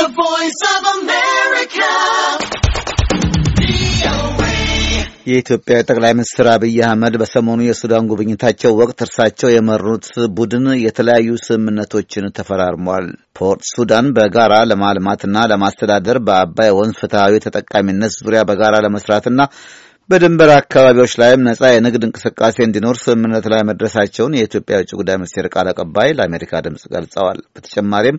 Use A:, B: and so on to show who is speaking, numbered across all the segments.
A: The Voice of America.
B: የኢትዮጵያ ጠቅላይ ሚኒስትር አብይ አህመድ በሰሞኑ የሱዳን ጉብኝታቸው ወቅት እርሳቸው የመሩት ቡድን የተለያዩ ስምምነቶችን ተፈራርሟል። ፖርት ሱዳን በጋራ ለማልማትና ለማስተዳደር በአባይ ወንዝ ፍትሐዊ ተጠቃሚነት ዙሪያ በጋራ ለመስራትና በድንበር አካባቢዎች ላይም ነጻ የንግድ እንቅስቃሴ እንዲኖር ስምምነት ላይ መድረሳቸውን የኢትዮጵያ የውጭ ጉዳይ ሚኒስቴር ቃል አቀባይ ለአሜሪካ ድምፅ ገልጸዋል። በተጨማሪም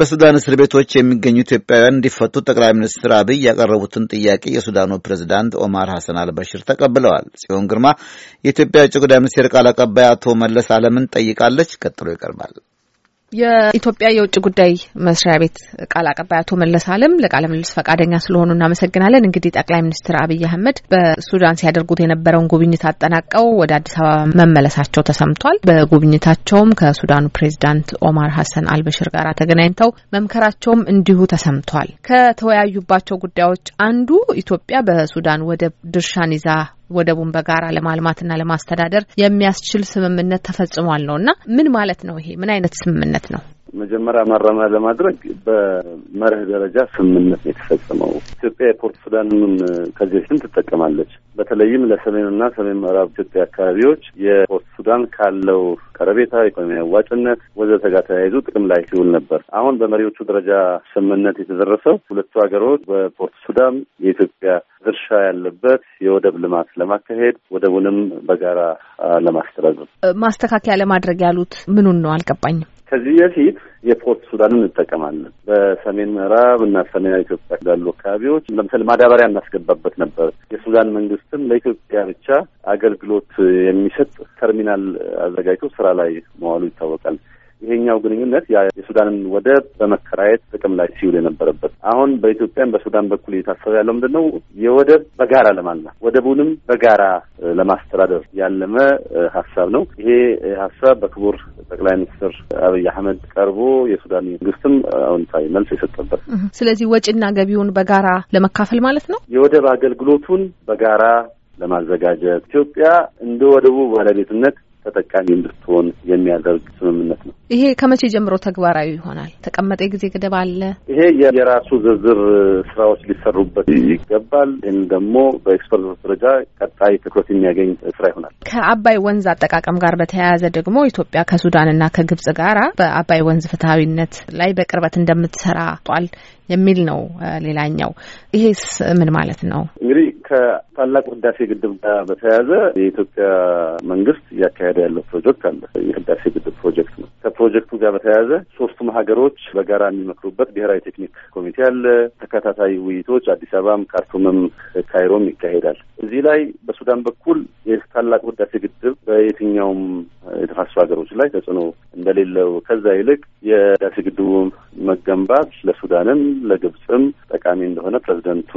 B: በሱዳን እስር ቤቶች የሚገኙ ኢትዮጵያውያን እንዲፈቱ ጠቅላይ ሚኒስትር አብይ ያቀረቡትን ጥያቄ የሱዳኑ ፕሬዚዳንት ኦማር ሐሰን አልበሽር ተቀብለዋል። ጽዮን ግርማ የኢትዮጵያ የውጭ ጉዳይ ሚኒስቴር ቃል አቀባይ አቶ መለስ አለምን ጠይቃለች። ቀጥሎ ይቀርባል። የኢትዮጵያ የውጭ ጉዳይ መስሪያ ቤት ቃል አቀባይ አቶ መለስ አለም ለቃለ ምልልስ ፈቃደኛ ስለሆኑ እናመሰግናለን። እንግዲህ ጠቅላይ ሚኒስትር አብይ አህመድ በሱዳን ሲያደርጉት የነበረውን ጉብኝት አጠናቀው ወደ አዲስ አበባ መመለሳቸው ተሰምቷል። በጉብኝታቸውም ከሱዳኑ ፕሬዚዳንት ኦማር ሀሰን አልበሽር ጋር ተገናኝተው መምከራቸውም እንዲሁ ተሰምቷል። ከተወያዩባቸው ጉዳዮች አንዱ ኢትዮጵያ በሱዳን ወደብ ድርሻን ይዛ ወደቡን በጋራ ለማልማትና ለማስተዳደር የሚያስችል ስምምነት ተፈጽሟል ነው እና ምን ማለት ነው ይሄ? ምን አይነት ስምምነት ነው?
A: መጀመሪያ ማረሚያ ለማድረግ በመርህ ደረጃ ስምምነት የተፈጸመው። ኢትዮጵያ የፖርት ሱዳንንም ከዚህ በፊትም ትጠቀማለች። በተለይም ለሰሜንና ሰሜን ምዕራብ ኢትዮጵያ አካባቢዎች የፖርት ሱዳን ካለው ቀረቤታ፣ ኢኮኖሚ አዋጭነት ወዘተ ጋር ተያይዞ ጥቅም ላይ ሲውል ነበር። አሁን በመሪዎቹ ደረጃ ስምምነት የተደረሰው ሁለቱ ሀገሮች በፖርት ሱዳን የኢትዮጵያ ድርሻ ያለበት የወደብ ልማት ለማካሄድ ወደቡንም በጋራ ለማስተዳደር
B: ማስተካከያ ለማድረግ ያሉት ምኑን ነው አልገባኝም።
A: ከዚህ በፊት የፖርት ሱዳንን እንጠቀማለን። በሰሜን ምዕራብ እና ሰሜናዊ ኢትዮጵያ ያሉ አካባቢዎች ለምሳሌ ማዳበሪያ እናስገባበት ነበር። የሱዳን መንግስትም ለኢትዮጵያ ብቻ አገልግሎት የሚሰጥ ተርሚናል አዘጋጅቶ ስራ ላይ መዋሉ ይታወቃል። ይሄኛው ግንኙነት የሱዳንን ወደብ በመከራየት ጥቅም ላይ ሲውል የነበረበት አሁን በኢትዮጵያን በሱዳን በኩል እየታሰበ ያለው ምንድን ነው? የወደብ በጋራ ለማልማት ወደቡንም በጋራ ለማስተዳደር ያለመ ሀሳብ ነው። ይሄ ሀሳብ በክቡር ጠቅላይ ሚኒስትር አብይ አህመድ ቀርቦ የሱዳን መንግስትም አዎንታዊ መልስ የሰጠበት።
B: ስለዚህ ወጪና ገቢውን በጋራ ለመካፈል ማለት ነው።
A: የወደብ አገልግሎቱን በጋራ ለማዘጋጀት ኢትዮጵያ እንደ ወደቡ ባለቤትነት ተጠቃሚ እንድትሆን የሚያደርግ ስምምነት ነው።
B: ይሄ ከመቼ ጀምሮ ተግባራዊ ይሆናል? ተቀመጠ ጊዜ ገደብ አለ?
A: ይሄ የራሱ ዝርዝር ስራዎች ሊሰሩበት ይገባል። ይህም ደግሞ በኤክስፐርቶች ደረጃ ቀጣይ ትኩረት የሚያገኝ ስራ ይሆናል።
B: ከአባይ ወንዝ አጠቃቀም ጋር በተያያዘ ደግሞ ኢትዮጵያ ከሱዳንና ከግብጽ ጋራ በአባይ ወንዝ ፍትሐዊነት ላይ በቅርበት እንደምትሰራ ጧል። የሚል ነው። ሌላኛው ይሄስ ምን ማለት ነው?
A: እንግዲህ ከታላቁ ህዳሴ ግድብ ጋር በተያያዘ የኢትዮጵያ መንግስት እያካሄደ ያለው ፕሮጀክት አለ። የህዳሴ ግድብ ፕሮጀክት ነው። ከፕሮጀክቱ ጋር በተያያዘ ሶስቱም ሀገሮች በጋራ የሚመክሩበት ብሔራዊ ቴክኒክ ኮሚቴ አለ። ተከታታይ ውይይቶች አዲስ አበባም፣ ካርቱምም፣ ካይሮም ይካሄዳል። እዚህ ላይ በሱዳን በኩል የታላቁ ህዳሴ ግድብ በየትኛውም የተፋሰሱ ሀገሮች ላይ ተጽዕኖ እንደሌለው ከዛ ይልቅ የህዳሴ ግድቡ መገንባት ለሱዳንም ለግብፅም ጠቃሚ እንደሆነ ፕሬዚደንቱ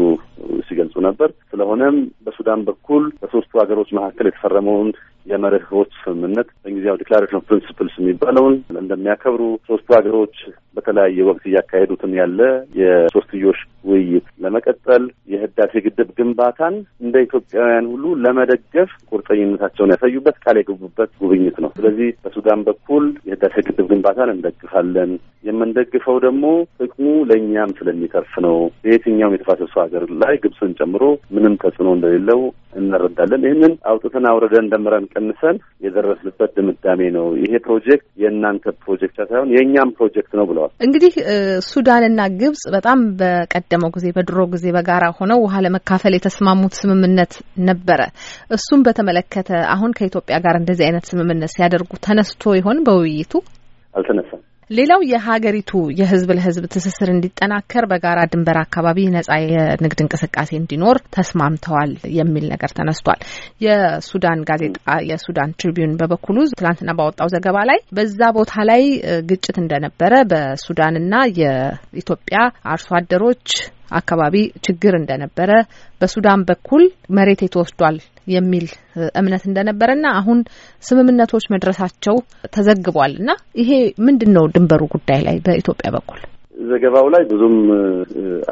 A: ሲገልጹ ነበር። ስለሆነም በሱዳን በኩል በሶስቱ ሀገሮች መካከል የተፈረመውን የመርሆች ስምምነት በእንግሊዝኛው ዲክላሬሽን ኦፍ ፕሪንስፕልስ የሚባለውን እንደሚያከብሩ ሶስቱ ሀገሮች በተለያየ ወቅት እያካሄዱትን ያለ የሶስትዮሽ ውይይት ለመቀጠል የህዳሴ ግድብ ግንባታን እንደ ኢትዮጵያውያን ሁሉ ለመደገፍ ቁርጠኝነታቸውን ያሳዩበት ቃል የገቡበት ጉብኝት ነው። ስለዚህ በሱዳን በኩል የህዳሴ ግድብ ግንባታን እንደግፋለን። የምንደግፈው ደግሞ ጥቅሙ ለእኛም ስለሚተርፍ ነው። በየትኛውም የተፋሰሱ ሀገር ላይ ግብፅን ጨምሮ ምንም ተጽዕኖ እንደሌለው እንረዳለን። ይህንን አውጥተን አውርደን ደምረን ቀንሰን የደረስንበት ድምዳሜ ነው። ይሄ ፕሮጀክት የእናንተ ፕሮጀክት ሳይሆን የእኛም ፕሮጀክት ነው ብለዋል።
B: እንግዲህ ሱዳንና ግብጽ በጣም በቀደመው ጊዜ በድሮ ጊዜ በጋራ ሆነው ውሃ ለመካፈል የተስማሙት ስምምነት ነበረ። እሱም በተመለከተ አሁን ከኢትዮጵያ ጋር እንደዚህ አይነት ስምምነት ሲያደርጉ ተነስቶ ይሆን? በውይይቱ አልተነሳም። ሌላው የሀገሪቱ የህዝብ ለህዝብ ትስስር እንዲጠናከር በጋራ ድንበር አካባቢ ነጻ የንግድ እንቅስቃሴ እንዲኖር ተስማምተዋል የሚል ነገር ተነስቷል። የሱዳን ጋዜጣ የሱዳን ትሪቢዩን በበኩሉ ትላንትና ባወጣው ዘገባ ላይ በዛ ቦታ ላይ ግጭት እንደነበረ በሱዳንና የኢትዮጵያ አርሶ አደሮች አካባቢ ችግር እንደነበረ በሱዳን በኩል መሬት የተወስዷል የሚል እምነት እንደነበረ እና አሁን ስምምነቶች መድረሳቸው ተዘግቧል እና ይሄ ምንድን ነው ድንበሩ ጉዳይ ላይ በኢትዮጵያ በኩል
A: ዘገባው ላይ ብዙም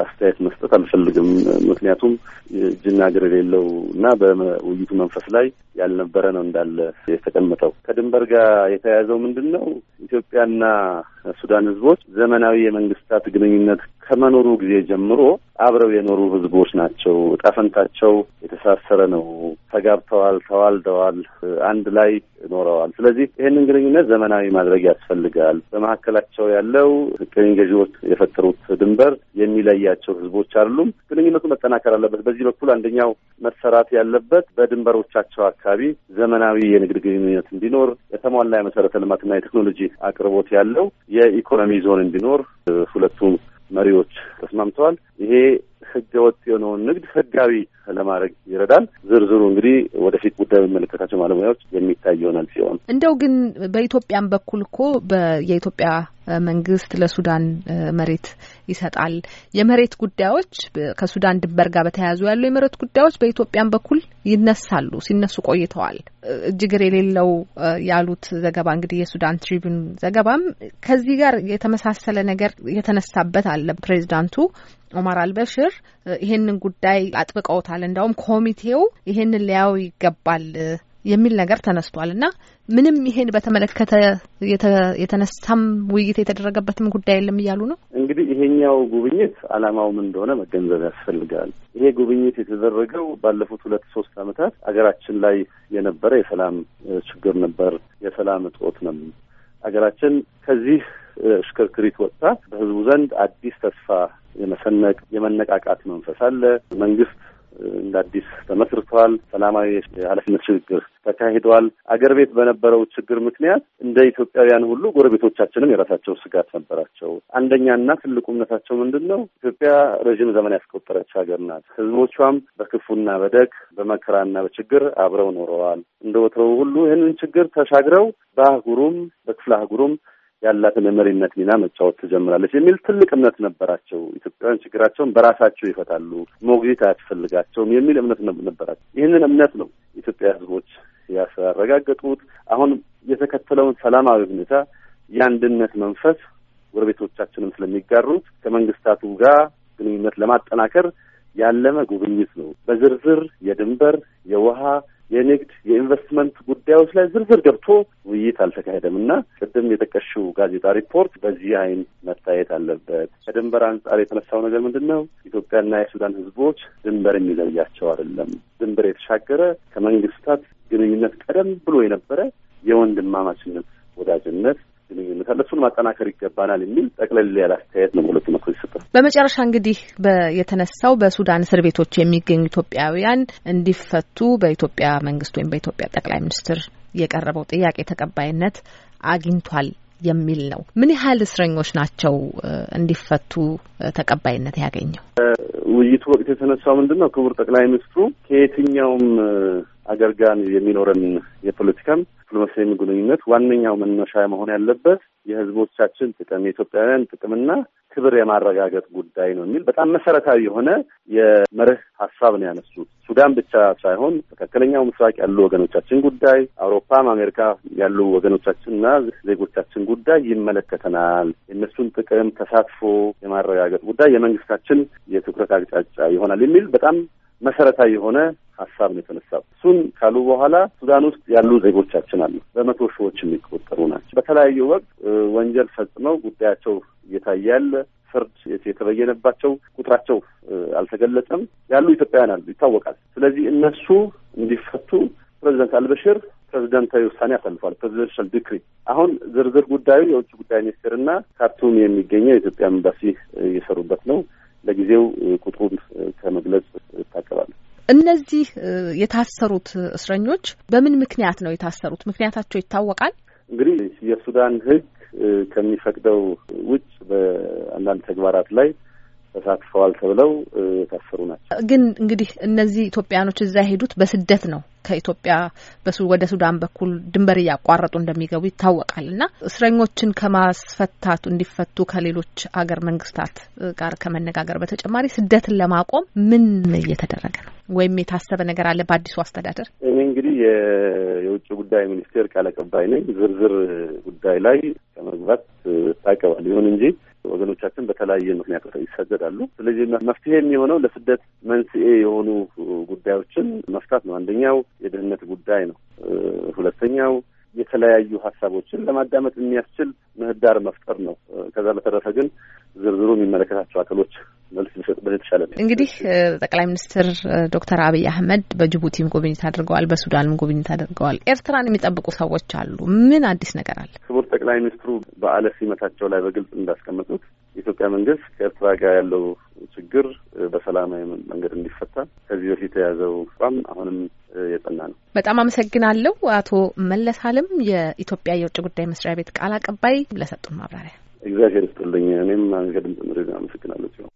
A: አስተያየት መስጠት አልፈልግም። ምክንያቱም እጅና እግር የሌለው እና በውይይቱ መንፈስ ላይ ያልነበረ ነው እንዳለ የተቀመጠው። ከድንበር ጋር የተያያዘው ምንድን ነው? ኢትዮጵያና ሱዳን ህዝቦች ዘመናዊ የመንግስታት ግንኙነት ከመኖሩ ጊዜ ጀምሮ አብረው የኖሩ ህዝቦች ናቸው። እጣ ፈንታቸው የተሳሰረ ነው። ተጋብተዋል፣ ተዋልደዋል፣ አንድ ላይ ኖረዋል። ስለዚህ ይህንን ግንኙነት ዘመናዊ ማድረግ ያስፈልጋል። በመካከላቸው ያለው ቅኝ ገዢዎች የፈጠሩት ድንበር የሚለያቸው ህዝቦች አሉም። ግንኙነቱ መጠናከር አለበት። በዚህ በኩል አንደኛው መሰራት ያለበት በድንበሮቻቸው አካባቢ ዘመናዊ የንግድ ግንኙነት እንዲኖር የተሟላ የመሰረተ ልማትና የቴክኖሎጂ አቅርቦት ያለው የኢኮኖሚ ዞን እንዲኖር ሁለቱም መሪዎች ተስማምተዋል። ይሄ ህገ ወጥ የሆነውን ንግድ ህጋዊ ለማድረግ ይረዳል። ዝርዝሩ እንግዲህ ወደፊት ጉዳይ የሚመለከታቸው ባለሙያዎች የሚታይ ይሆናል ሲሆን
B: እንደው ግን በኢትዮጵያም በኩል እኮ የኢትዮጵያ መንግስት ለሱዳን መሬት ይሰጣል። የመሬት ጉዳዮች ከሱዳን ድንበር ጋር በተያያዙ ያሉ የመሬት ጉዳዮች በኢትዮጵያን በኩል ይነሳሉ፣ ሲነሱ ቆይተዋል። እጅግር የሌለው ያሉት ዘገባ እንግዲህ የሱዳን ትሪቢዩን ዘገባም ከዚህ ጋር የተመሳሰለ ነገር የተነሳበት አለ። ፕሬዚዳንቱ ኦማር አልበሽር ይህንን ጉዳይ አጥብቀውታል። እንዲያውም ኮሚቴው ይህንን ሊያው ይገባል የሚል ነገር ተነስቷል እና ምንም ይሄን በተመለከተ የተነሳም ውይይት የተደረገበትም ጉዳይ የለም እያሉ ነው።
A: እንግዲህ ይሄኛው ጉብኝት አላማውም እንደሆነ መገንዘብ ያስፈልጋል። ይሄ ጉብኝት የተደረገው ባለፉት ሁለት ሶስት ዓመታት አገራችን ላይ የነበረ የሰላም ችግር ነበር፣ የሰላም እጦት ነው። አገራችን ከዚህ እሽክርክሪት ወጥታ በህዝቡ ዘንድ አዲስ ተስፋ የመሰነቅ የመነቃቃት መንፈስ አለ። መንግስት እንደ አዲስ ተመስርተዋል። ሰላማዊ የኃላፊነት ሽግግር ተካሂደዋል። አገር ቤት በነበረው ችግር ምክንያት እንደ ኢትዮጵያውያን ሁሉ ጎረቤቶቻችንም የራሳቸው ስጋት ነበራቸው። አንደኛና ትልቁ እምነታቸው ምንድን ነው? ኢትዮጵያ ረዥም ዘመን ያስቆጠረች ሀገር ናት። ህዝቦቿም በክፉና በደግ በመከራና በችግር አብረው ኖረዋል። እንደ ወትሮው ሁሉ ይህንን ችግር ተሻግረው በአህጉሩም በክፍለ አህጉሩም ያላትን የመሪነት ሚና መጫወት ትጀምራለች የሚል ትልቅ እምነት ነበራቸው። ኢትዮጵያውያን ችግራቸውን በራሳቸው ይፈታሉ፣ ሞግዚት አያስፈልጋቸውም የሚል እምነት ነበራቸው። ይህንን እምነት ነው ኢትዮጵያ ሕዝቦች ያረጋገጡት። አሁን የተከተለውን ሰላማዊ ሁኔታ የአንድነት መንፈስ ጎረቤቶቻችንም ስለሚጋሩት ከመንግስታቱ ጋር ግንኙነት ለማጠናከር ያለመ ጉብኝት ነው። በዝርዝር የድንበር የውሃ የንግድ፣ የኢንቨስትመንት ጉዳዮች ላይ ዝርዝር ገብቶ ውይይት አልተካሄደም እና ቅድም የጠቀሽው ጋዜጣ ሪፖርት በዚህ አይን መታየት አለበት። ከድንበር አንጻር የተነሳው ነገር ምንድን ነው? ኢትዮጵያና የሱዳን ህዝቦች ድንበር የሚለያቸው አይደለም። ድንበር የተሻገረ ከመንግስታት ግንኙነት ቀደም ብሎ የነበረ የወንድማማችነት ወዳጅነት ግንኙነት አለ። እሱን ማጠናከር ይገባናል የሚል ጠቅለል ያለ አስተያየት ነው በሁለቱ መቶ ይሰጣል።
B: በመጨረሻ እንግዲህ የተነሳው በሱዳን እስር ቤቶች የሚገኙ ኢትዮጵያውያን እንዲፈቱ በኢትዮጵያ መንግስት ወይም በኢትዮጵያ ጠቅላይ ሚኒስትር የቀረበው ጥያቄ ተቀባይነት አግኝቷል የሚል ነው። ምን ያህል እስረኞች ናቸው እንዲፈቱ ተቀባይነት ያገኘው?
A: ውይይቱ ወቅት የተነሳው ምንድን ነው? ክቡር ጠቅላይ ሚኒስትሩ ከየትኛውም አገር ጋር የሚኖረን የፖለቲካም ዲፕሎማሲያዊ ግንኙነት ዋነኛው መነሻ መሆን ያለበት የህዝቦቻችን ጥቅም የኢትዮጵያውያን ጥቅምና ክብር የማረጋገጥ ጉዳይ ነው የሚል በጣም መሰረታዊ የሆነ የመርህ ሀሳብ ነው ያነሱት። ሱዳን ብቻ ሳይሆን መካከለኛው ምስራቅ ያሉ ወገኖቻችን ጉዳይ፣ አውሮፓም አሜሪካ ያሉ ወገኖቻችንና ዜጎቻችን ጉዳይ ይመለከተናል። የእነሱን ጥቅም ተሳትፎ የማረጋገጥ ጉዳይ የመንግስታችን የትኩረት አቅጫጫ ይሆናል የሚል በጣም መሰረታዊ የሆነ ሀሳብ ነው የተነሳው። እሱን ካሉ በኋላ ሱዳን ውስጥ ያሉ ዜጎቻችን አሉ። በመቶ ሺዎች የሚቆጠሩ ናቸው። በተለያዩ ወቅት ወንጀል ፈጽመው ጉዳያቸው እየታያል ፍርድ የተበየነባቸው ቁጥራቸው አልተገለጸም ያሉ ኢትዮጵያውያን አሉ፣ ይታወቃል። ስለዚህ እነሱ እንዲፈቱ ፕሬዚደንት አልበሽር ፕሬዚደንታዊ ውሳኔ አሳልፏል። ፕሬዚደንሻል ዲክሪ። አሁን ዝርዝር ጉዳዩ የውጭ ጉዳይ ሚኒስቴርና ካርቱም የሚገኘው የኢትዮጵያ ኤምባሲ እየሰሩበት ነው። ለጊዜው ቁጥሩን ከመግለጽ እታቀባለሁ።
B: እነዚህ የታሰሩት እስረኞች በምን ምክንያት ነው የታሰሩት? ምክንያታቸው ይታወቃል?
A: እንግዲህ የሱዳን ህግ ከሚፈቅደው ውጭ በአንዳንድ ተግባራት ላይ ተሳትፈዋል ተብለው የታሰሩ ናቸው።
B: ግን እንግዲህ እነዚህ ኢትዮጵያኖች እዛ የሄዱት በስደት ነው። ከኢትዮጵያ ወደ ሱዳን በኩል ድንበር እያቋረጡ እንደሚገቡ ይታወቃል። እና እስረኞችን ከማስፈታቱ እንዲፈቱ ከሌሎች አገር መንግስታት ጋር ከመነጋገር በተጨማሪ ስደትን ለማቆም ምን እየተደረገ ነው? ወይም የታሰበ ነገር አለ በአዲሱ አስተዳደር?
A: እኔ እንግዲህ የውጭ ጉዳይ ሚኒስቴር ቃል አቀባይ ነኝ። ዝርዝር ጉዳይ ላይ ከመግባት ታቀባል። ይሁን እንጂ ወገኖቻችን በተለያየ ምክንያት ይሰደዳሉ። ስለዚህ መፍትሄ የሚሆነው ለስደት መንስኤ የሆኑ ጉዳዮችን መፍታት ነው። አንደኛው የድህነት ጉዳይ ነው። ሁለተኛው የተለያዩ ሀሳቦችን ለማዳመጥ የሚያስችል ምህዳር መፍጠር ነው። ከዛ በተረፈ ግን ዝርዝሩ የሚመለከታቸው አካሎች መልስ ሊሰጥበት የተሻለ ነው።
B: እንግዲህ ጠቅላይ ሚኒስትር ዶክተር አብይ አህመድ በጅቡቲም ጉብኝት አድርገዋል፣ በሱዳንም ጉብኝት አድርገዋል። ኤርትራን የሚጠብቁ ሰዎች አሉ። ምን አዲስ ነገር አለ?
A: ክቡር ጠቅላይ ሚኒስትሩ በዓለ ሲመታቸው ላይ በግልጽ እንዳስቀመጡት የኢትዮጵያ መንግስት ከኤርትራ ጋር ያለው ችግር በሰላማዊ መንገድ እንዲፈታ ከዚህ በፊት የያዘው አቋም አሁንም የጸና ነው።
B: በጣም አመሰግናለሁ አቶ መለስ አለም የኢትዮጵያ የውጭ ጉዳይ መስሪያ ቤት ቃል አቀባይ ለሰጡን ማብራሪያ።
A: እግዚአብሔር ይስጥልኝ። እኔም አንገድም ጥምሬ አመሰግናለሁ ሲሆን